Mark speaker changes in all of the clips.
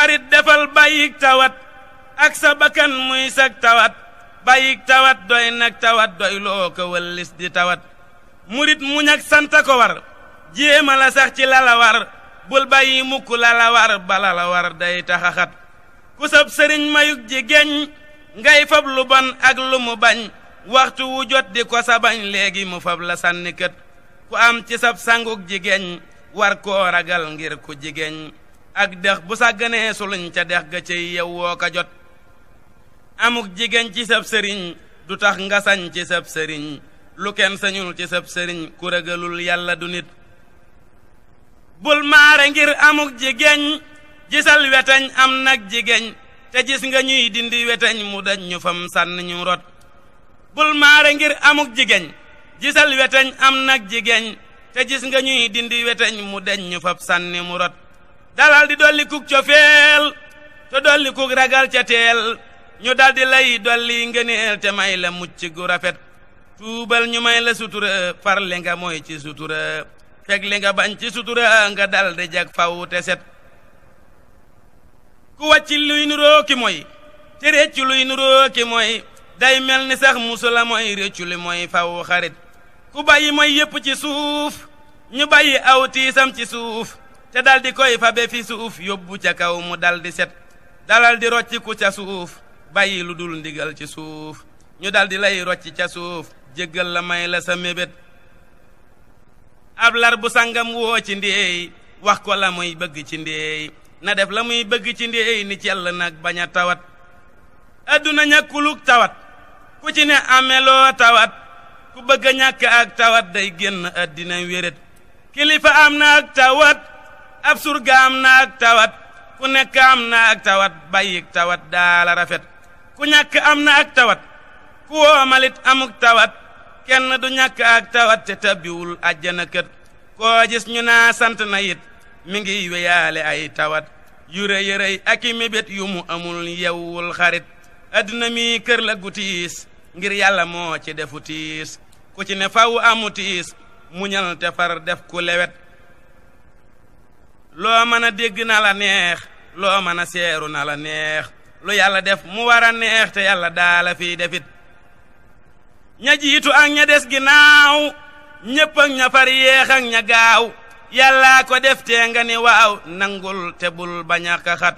Speaker 1: xarit defal bàyyik tawat ak sa bakkan muy sag tawat bàyyik tawat doy nag tawat doy loo ko wëllis di tawat murit muñ santa ko war jéema la sax ci lala war bul bàyyi mukk lala war bala la war day taxaxat ku sab sëriñ mayug ji ngay fab lu bon ak lu mu bañ waxtu wu jot di ko sa léegi mu fab la sànni kët ku am ci sab sangug jigéen war koo ragal ngir ku jigéen ak dex bu sàgganee suluñ ca dex ga cay yewwoo ka jot amuk jigéen ci sab sëriñ du tax nga sañ ci sab sëriñ lu kenn sañul ci sab sëriñ ku ragalul yàlla du nit bul maare ngir amuk jigéen gisal weteñ am nag jigéen te gis nga ñuy dindi weteñ mu dañ ñu fam sànni ñu rot bul maare ngir amuk jigéen gisal weteñ am nag jigéen te gis nga ñuy dindi weteñ mu deñ ñu fab sànni mu rot dalal di dolli kuk cofeel te dolli kuk ragal ca ñu dal lay dolli ngëneel te may la mucc gu rafet tuubal ñu may la sutura farle nga mooy ci sutura fekk li nga bañ ci sutura nga dal di jag faw te set ku wàcc luy nuroo ki te réccu luy nuroo ki day mel ni sax musula mooy réccu li mooy faw xarit ku bàyyi mooy yépp ci suuf ñu bàyyi aw tiisam ci suuf te dal di koy fabe suuf yóbbu ca kaw mu daldi di set dalal di rocciku ca suuf bàyyi lu dul ndigal ci suuf ñu daldi di lay rocci ca suuf jéggal la may la sa mébét ab lar bu sangam woo ci ndéey wax ko la muy bëgg ci ndéey na def la muy bëgg ci ndéey ni cell nag bañ a tawat adduna ñàkkuluk tawat ku ci ne ameloo tawat ku bëgg a ñàkk ak tawat day génn addina wéret kilifa am na ak tawat ab surgaam naak tawat ku nekk am na ak tawat bàyyik tawat daala rafet ku ñàkk am na ak tawat ku woomalit amuk tawat kenn du ñàkk ak tawat te tàbbiwul àjjana kët koo ñu naa sant na it mi ngi weyaale ay tawat yu rëy aki ak yu mu amul yewwul xarit adduna mi kër la gu tiis ngir yàlla moo ci defu tiis ku ci ne faw amu tiis muñal te far def ku lewet loo mën a dégg na la neex loo mën a seeru na la neex lu yàlla def mu war a neex te yàlla daala fi defit ña jiitu ak ña des ginnaaw ñépp ak ña far yéex ak gaaw yàllaa ko def tee nga ni waaw nangul te bul bañ a xat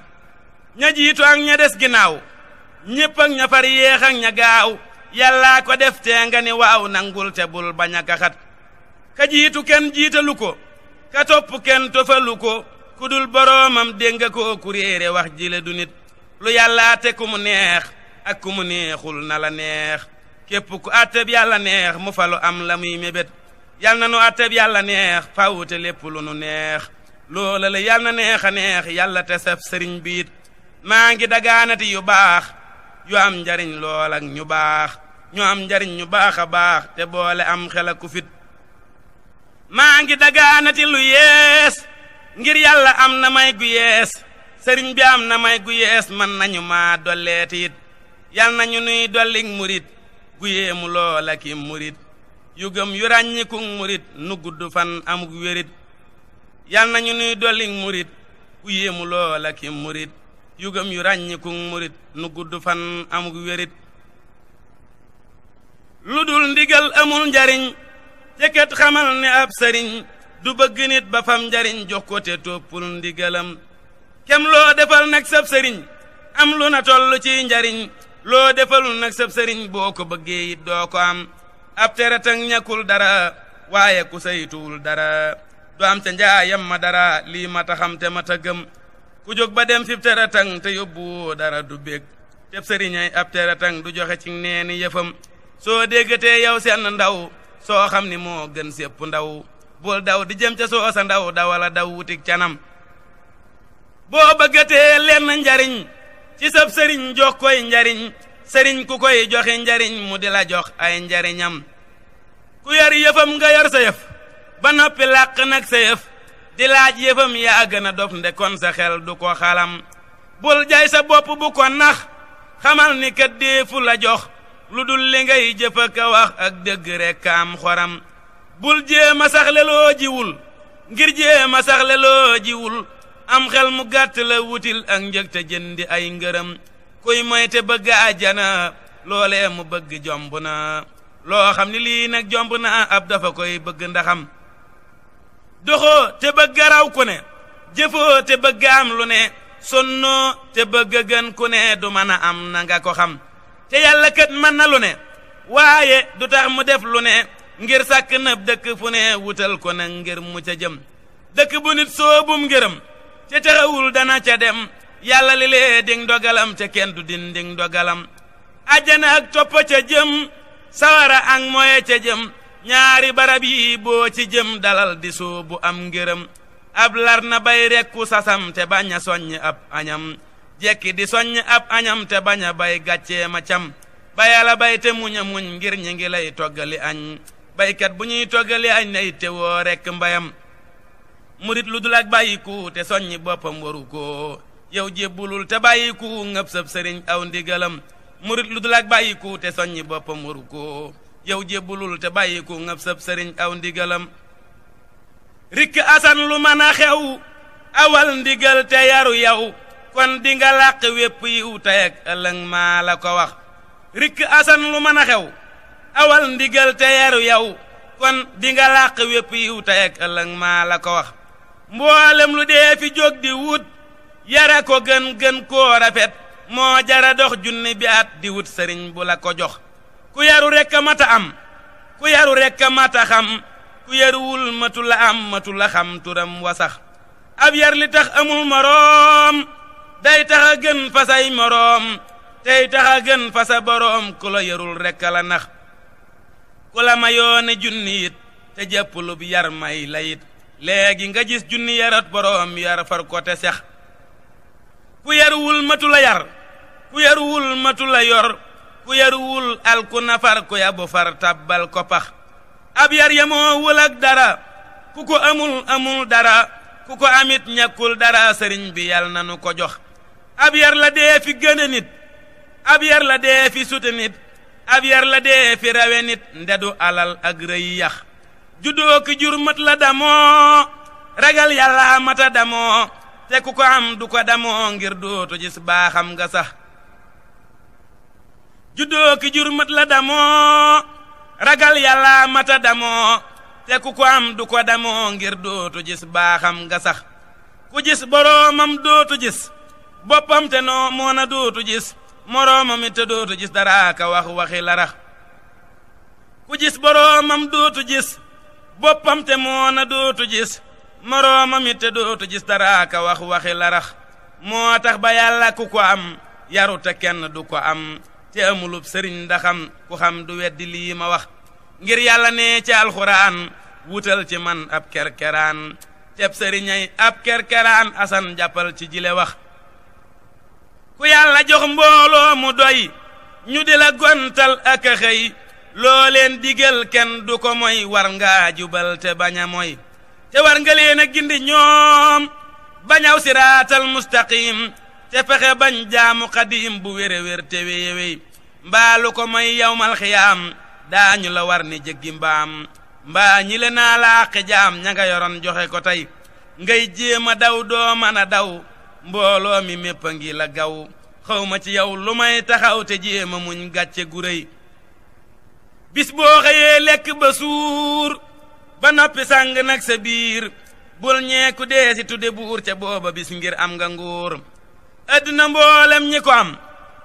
Speaker 1: jiitu ak ña des ginnaaw ñépp ak far yéex ak ña gaaw yàllaa ko def tee nga ni waaw nangul te bul bañ a xat jiitu kenn jiitalu ko ka topp kenn tofalu ko ku dul boroomam dégg nga koo ku réere wax jile du nit lu yàllaa te ku mu neex ak ku mu neexul na la neex képp ku àtteb yàlla neex mu falu am la muy mébét yal na nu àtteb yàlla neex fawute lépp lu nu neex loola la yal na neex a neex yàlla te saf sëriñ biit maa ngi dagaanati yu baax yu am njariñ lool ak ñu baax ñu am njariñ ñu baax a baax te boole am xel ak ku fit maa ngi dagaanati lu yees ngir yàlla am na may gu sëriñ bi am na may gu yees man nañu maa dolleeti it yal nañu nuy dollig murit gu yéemu loola ki murit yu gëm murit nu gudd fan amuk wérit yal nañu nuy dollig murit gu yéemu loola murit yu gëm yu ràññiku murit nu fan amuk wérit lu ndigal amul njariñ kat xamal ne ab sëriñ du bëgg nit ba fam njariñ jox ko te toppul ndigalam kem loo defal nag sab sëriñ am lu na toll ciy njariñ loo defalul nag sab sëriñ boo ko bëggee it doo ko am ab teretak ñàkkul dara waaye ku saytuwul dara du am ca njaayam ma dara lii ma taxam te ma tëggam ku jóg ba dem fib teretan te yóbbuwoo dara du bég teb sëriñay ab teretan du joxe ci neeni yëfam soo si yow na ndaw soo xam ni moo gën sépp ndaw bul daw di jëm ca soo sa ndaw dawala daw wutik canam boo bëggatee lenn njariñ ci sab sëriñ jox koy njariñ sëriñ ku koy joxe njariñ mu di la jox ay njariñam ku yar yëfam nga yar sa yëf ba noppi làq nag sa yëf di laaj yëfam yaa gën a dof nde sa xel du ko xalam bul jaay sa bopp bu ko nax xamal ni kat la jox lu dul li ngay jëf ak wax ak dëgg rekk am xoram bul jéema sax leloo jiwul ngir jéema sax leloo jiwul am xel mu gàtt la wutil ak njëg te jëndi ay ngërëm koy moy te bëgg ajana loolee mu bëgg jomb na loo xam ni lii nag jomb na ab dafa koy bëgg ndaxam doxoo te bëgg raw ku ne jëfoo te bëgg am lu ne sonnoo te bëgg gën ku ne du am na ko xam te yàlla kat mën na lu ne waaye du tax mu def lu ne ngir sàkk na dëkk fu ne wutal ko nag ngir mu ca jëm dëkk bu nit soobum ngërëm te taxawul dana ca dem yàlla li le ding dogalam ca kenn du din ding dogalam ajjana ak toppa ca jëm sawara ak moye ca jëm ñaari barab yi boo ci jëm dalal di soobu am ngërëm ab lar na bay rekku sasam te bañ a soññ ab añam jekki di soññ ab añam te bañ a bay gàccee ma cam ba yàlla bay te muñ muñ ngir ñi ngi lay toggali añ baykat bu ñuy toggali añ na itte woo rekk mbayam murit lu dul ak te soññi boppam waru ko yow jébbulul te bàyyiku ngëb sab sëriñ aw ndi ndigalam murit lu dul ak bàyyiku te soññi boppam waru ko yow jébbulul te bàyyiku ngëb sab sëriñ aw ndigalam rikk asan lu mën a xew awal ndigal te yaru yow kon di nga làq wépp yiw tey ak ëllëg maa la ko wax rikk asan lu mën a xew awal ndigal te yaru yow kon di nga làq wépp yiw tey ak ëllëg maa la ko wax mboolem lu dee fi jóg di wut yara ko gën gën koo rafet moo jara dox junni bi at di wut sëriñ bu la ko jox ku yaru rekk mata am ku yaru rekk mata xam ku yaruwul matu la am matu xam turam wasax ab yar li tax amul moroom day tax a gën fa say moroom tey tax a gën fa sa boroom ku la yarul rekk la nax ku la mayoone junni it te jàppalub yar may layit léegi nga gis junni boroom yar far ko te sex ku yaruwul matu la yar ku yaruwul matu la yor ku yaruwul alku nafar ku yabu far tabbal ko pax ab yar yemoo wul dara ku ko amul amul dara ku ko amit ñàkkul dara sëriñ bi yàlla na nu ko jox ab yar la dee fi gëne nit ab yar la dee fi sute nit ab yar la dee fi rawe nit ndedu alal ak rëy yax jur mat la damoo ragal yàlla mata damoo te ku ko am du ko damoo ngir dootu gis baaxam nga sax juddoo ki jur mat la damoo ragal yàlla mata damoo te ku ko am du ko damoo ngir dootu gis baaxam nga sax ku gis boroomam dootu gis boppam te noo moo na dootu gis moroomam it te dootu gis dara ka wax waxi larax ku gis boroomam dootu gis boppam te moo na dootu gis moroomam it te dootu gis dara ka wax waxi larax moo tax ba yàlla ku ko am yaru kenn du ko am te amulub sëriñ ndaxam ku xam du weddi lii ma wax ngir yàlla ne ci alxuraan wutal ci man ab kerkeraan teb sëriñay ab kerkeraan asan jàppal ci jile wax ku yàlla jox mbooloo mu doy ñu di la gontal ak a xëy loo kenn du ko moy war ngaa jubal te bañ a moy te war nga leen a gindi ñoom bañaw siraatal mustaqim te fexe bañ jaamu xadiim bu wér-wér te wéy-wéy mbaalu ko moy yawmal xiyaam daañu la war ni jéggi mbaam mbaa ñi le ña nga yoroon joxe ko tey ngay jéem daw doo daw mbooloo mi mépp a ngi la gaw xawma ci yow lu may taxaw te jéema muñ gàcce gu rëy bis boo xëyee lekk ba suur ba noppi sàng nag sa biir bul ñeeku dee si tudde buur ca booba bis ngir am nga nguur addina mboolem ñi ko am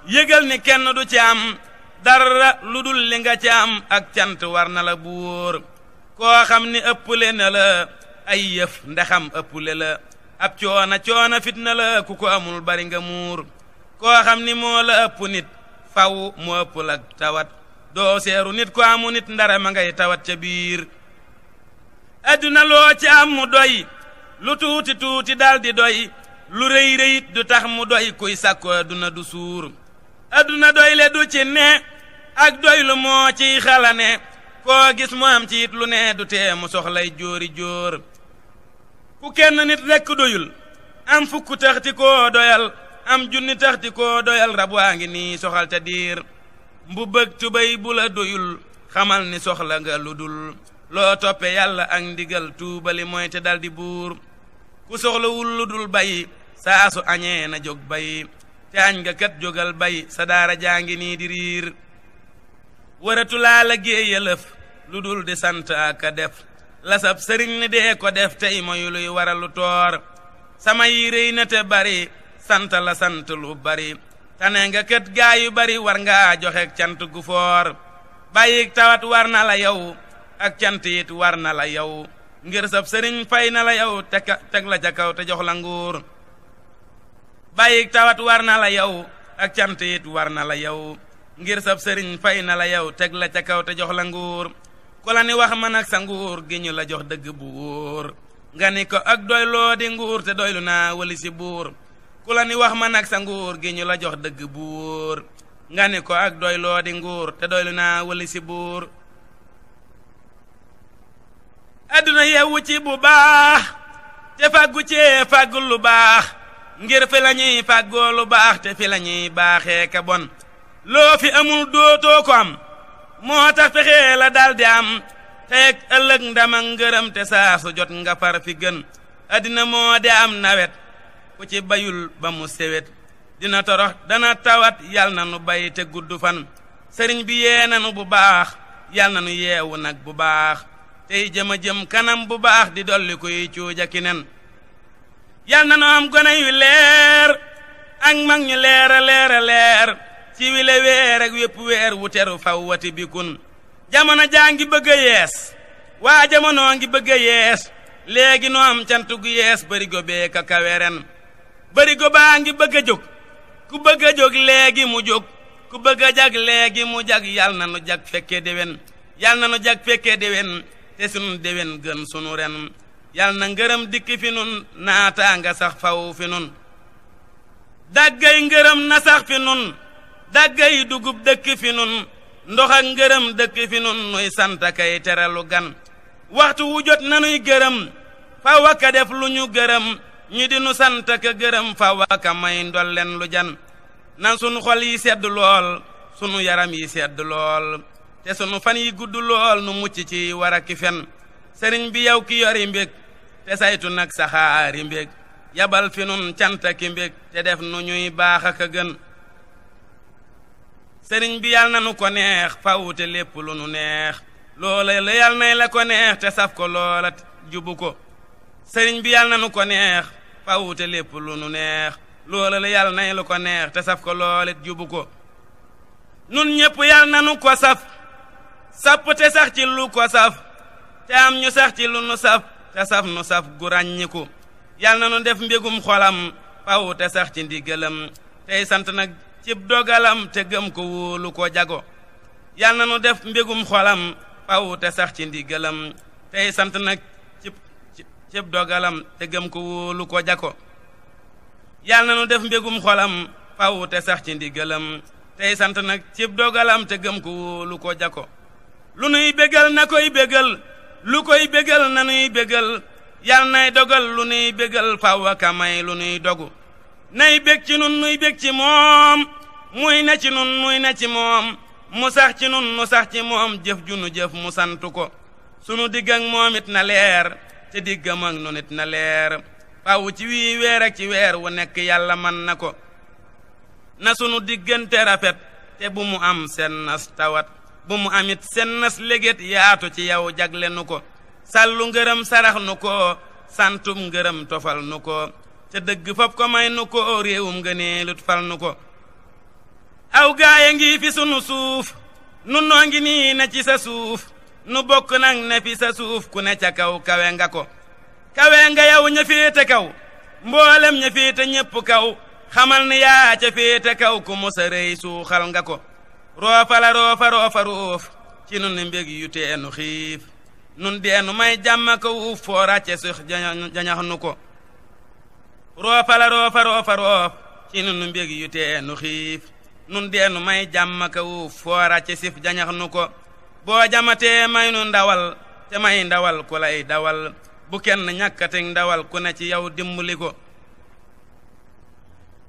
Speaker 1: yëgal ni kenn du ci am dara lu dul li nga ci am ak cant war na la buur koo xam ni ëpple na la ay yëf ndaxam ëpple la ab coona coona fitna la ku ko amul bari nga muur koo xam ni moo la ëpp nit faw mu ëpp la tawat doo seeru nit ku amu nit ndara ma ngay tawat ca biir adduna loo ci am mu doy lu tuuti tuuti dal doy lu rëy rëyit du tax mu doy kuy sàkko adduna du suur adduna doy du ci ne ak doy moo ciy xalane koo gis mu am ci lu ne du tee mu soxlay jóori jóor ku kenn nit rekk doyul am fukk tax koo doyal am junni tax koo doyal rab waa ngi nii soxal te diir mbu tubéy bu la doyul xamal ni soxla nga lu dul loo toppe yàlla ak ndigal tuubali mooy te buur ku soxlawul lu dul bayi saa su añee na jóg bayi te añ nga kat jógal bayi sa daara jaa ngi nii di riir wëratu laa la géey yëlëf lu dul di sant def la sab sëriñ ni dee ko def tey moyu luy waralu toor sama yi na te bari sant la sant lu bari tane nga kët gaa bari war ngaa joxe cant gu foor bàyyik tawat war na la yow ak cant it war na la yow ngir sab sëriñ fay na la yow te teg la ca kaw te jox la nguur bàyyik tawat war na la yow ak cant war na la yow ngir sab sëriñ fay na la yow teg la ca kaw te jox la nguur ku la ni wax man ak sa nguur gi ñu la jox dëgg bu wóor nga ni ko ak doyloo di nguur te doylu naa wali si buur ku ni wax man ak sa nguur gi ñu la jox dëgg bu wóor nga ni ko ak doyloo di nguur te doylu naa wali si buur adduna yeewu ci bu baax te fàggu cee fàggul lu baax ngir fi la ñuy fàggoo lu baax te fi la ñuy baaxee ka bon loo fi amul dootoo ko moo tax fexee la daal di am tey ak ëllëg ndama ngërëm te saa su jot nga par fi gën addina moo di am nawet ku ci bayul ba mu sewet dina torox dana tawat yal na nu bay te gudd fan sëriñ bi yee nanu bu baax yal na nu yeewu nag bu baax tey jëm a jëm kanam bu baax di dolli koy cuuja ki nen yal na nu am gone yu leer ak mag ñu leer a leer ci wile weer ak wépp weer wu teru fawwati bi jamono jaa ngi bëgg a yees waa jamonoo ngi bëgg a yees léegi noo am cant gu yees bërigo bee ka bërigo baa ngi bëgg a jóg ku bëgg a jóg léegi mu jóg ku bëgg a jag mu jag yal na nu jag fekke déwén yal na nu jag fekke déwén te sunu gën sunu yal na ngërëm dikk fi nun naataa nga sax faw fi nun daggay ngërëm na sax fi nun yi dugub dëkk fi nun ndox ak ngërëm dëkk fi nun nuy sant kay teralu gan waxtu wu jot nanuy gërëm faw aka def lu ñu gërëm ñu di nu sant gërëm faw aka may ndolleen lu jan nan sunu xol yi sedd lool sunu yaram yi sedd lool te sunu fan yi gudd lool nu mucc ci war a ki fen sëriñ bi yow ki yori mbég te saytu nag saxaari mbég yabal fi nun cant ki mbég te def nu ñuy baax ak a sëriñ bi yàlla na nu ko neex fawute lépp lu nu neex loola la yàlla nay la ko neex te saf ko loola jubu ko sëriñ bi yàlla na nu ko neex fawute lépp lu nu neex loola la yàlla nay la ko neex te saf ko loolet jubu ko nun ñëpp yàlla na nu ko saf sapp te sax ci lu ko saf te am ñu sax ci lu nu saf te saf nu saf gu ràññiku na nu def mbégum xolam fawute sax ci ndigalam tey sant nag cib dogalam te gëm ko lu ko jago yal na nu def mbégum xolam faw te sax ci ndigalam tey sant nag ceb cib dogalam te gëm ko lu ko jako yal na nu def mbégum xolam faw te sax ci ndigalam tey sant nag cib dogalam te gëm ko wóolu ko jago lu nuy bégal na koy bégal lu koy bégal na nuy bégal yal nay dogal lu nuy bégal faw ka may lu nuy dogu nay bég ci nun nuy bég ci moom muy na ci nun muy na ci moom mu sax ci nun nu sax ci moom jëf ju nu jëf mu sant ko sunu digg ak moom it na leer te diggam ak na leer fàww ci wii weer ci weer wu nekk yàlla man na ko na sunu diggante rafet te bu mu am sennas tawat bu mu amit sennas léget yaatu ci yow jagle nu ko sallu ngërëm sarax nu ko santum ngërëm tofal nu ko te dëgg fab ko may nu ko réewum ngëneelut fal nu ko aw gaaya ngi fi sunu suuf nu noo ngi nii ne ci sa suuf nu bokk nag ne fi sa suuf ku ne ca kaw kawe nga ko kawe nga yow ña féete kaw mboolem ña féete ñépp kaw xamal ni yaa ca féete kaw ku musa rëy suuxal nga ko roofa la roofa roofa roof ci nun mbég yu teenu xiif nun deenu may jàmm ko wuuf foo ràcce sux jañax nu ko roofa roofa roofa roof ci nun mbég yu teenu xiif nun deenu may jàmm ka wu foora ci sif jañax nu ko boo jamatee may nu ndawal te may ndawal ku lay dawal bu kenn ñàkkati ndawal ku ne ci yow dimbali ko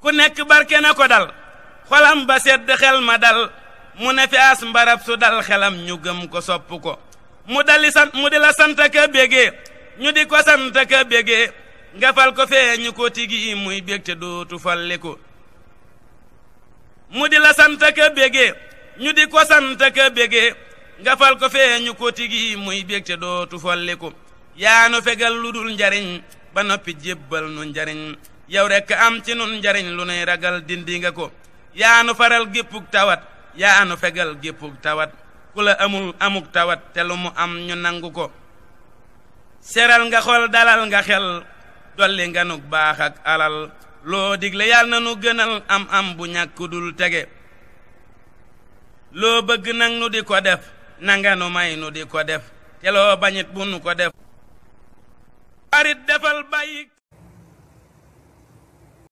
Speaker 1: ku nekk barke na ko dal xolam ba sedd xel ma dal mu ne fi as su dal xelam ñu gëm ko sopp ko mu dali sant mu di la sant ka bégee ñu di ko sant ka bégee nga fal ko fee ñu ko tigi muy bég te dootu falliku mu di la sant ka bégee ñu di ko sant ka bégee nga fal ko feeñu ko tigi muy bég te dootu folliku yaa nu fegal lu dul njariñ ba noppi jébbal nu njariñ yow rekk am ci nun njariñ lu nuy ragal dindi nga ko yaa nu faral géppug tawat yaa nu fegal géppug tawat ku la amul amuk tawat te lu mu am ñu nangu ko seral nga xol dalal nga xel dolli nga nug baax alal loo digle yàlla na nu gënal am am bu ñàkk dul tege loo bëgg nag nu di ko def nanga nu may nu di ko def te loo bañit bu nu ko def xarit defal bàyyi